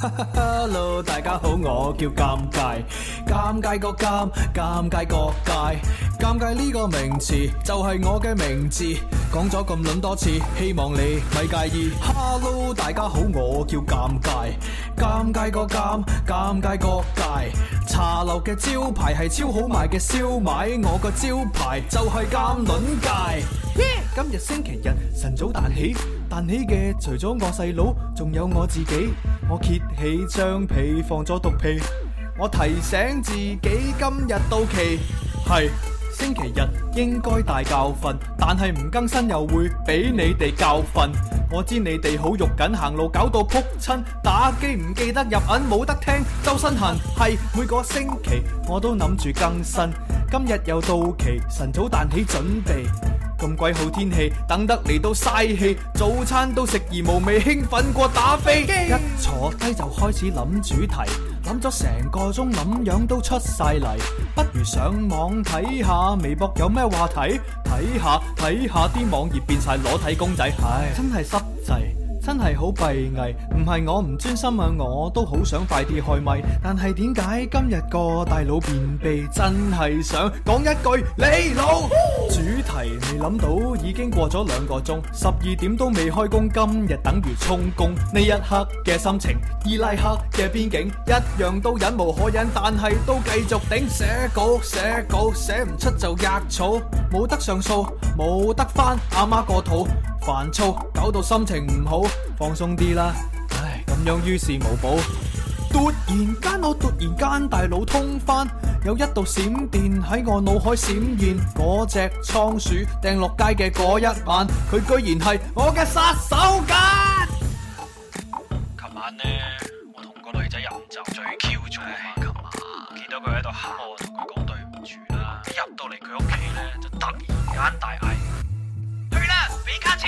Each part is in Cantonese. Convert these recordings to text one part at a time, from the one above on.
Hello，大家好，我叫尷尬，尷尬個尷，尷尬個尬，尷尬呢個名詞就係、是、我嘅名字，講咗咁卵多次，希望你咪介意。Hello，大家好，我叫尷尬，尷尬個尷，尷尬個尬，茶樓嘅招牌係超好賣嘅燒賣，我個招牌就係尷卵界。Yeah! 今日星期日晨早彈起，彈起嘅除咗我細佬，仲有我自己。我揭起張被放咗毒屁，我提醒自己今日到期，係星期日應該大覺瞓，但係唔更新又會俾你哋教訓。我知你哋好肉緊行路，搞到撲親打機唔記得入銀，冇得聽周身痕，係每個星期我都諗住更新，今日又到期，晨早彈起準備。咁鬼好天氣，等得嚟都嘥氣，早餐都食而無味，興奮過打飛， 一坐低就開始諗主題，諗咗成個鐘，諗樣都出晒嚟，不如上網睇下微博有咩話題，睇下睇下啲網頁變晒裸體公仔， 唉，真係濕滯。真係好閉翳，唔係我唔專心啊！我都好想快啲開咪，但係點解今日個大佬便秘？真係想講一句你老！ 主題未諗到，已經過咗兩個鐘，十二點都未開工，今日等於充公。呢一刻嘅心情，伊拉克嘅邊境，一樣都忍無可忍，但係都繼續頂。寫稿寫稿寫唔出就吔草，冇得上訴，冇得返阿媽個肚。煩躁，搞到心情唔好，放鬆啲啦。唉，咁樣於事無補。突然間，我突然間大腦通翻，有一道閃電喺我腦海閃現。嗰隻倉鼠掟落街嘅嗰一晚，佢居然係我嘅殺手鐧。琴晚呢，我同個女仔飲酒最 Q 咗。琴晚見到佢喺度喊，我同佢講對唔住啦。一入到嚟佢屋企咧，就突然間大嗌。去啦，俾卡錢。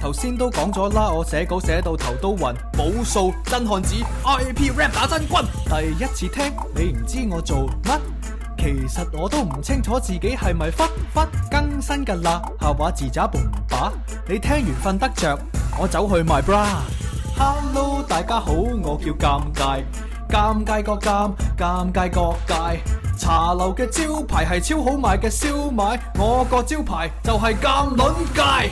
頭先都講咗啦，我寫稿寫到頭都暈，冇數真漢子，I P rap 打真軍。第一次聽你唔知我做乜，其實我都唔清楚自己係咪忽忽更新嘅啦。下話自找半把，你聽完瞓得着，我走去賣 bra。Hello，大家好，我叫尷尬，尷尬個尷，尷尬個尬。茶樓嘅招牌係超好賣嘅燒賣，我個招牌就係尷卵尬。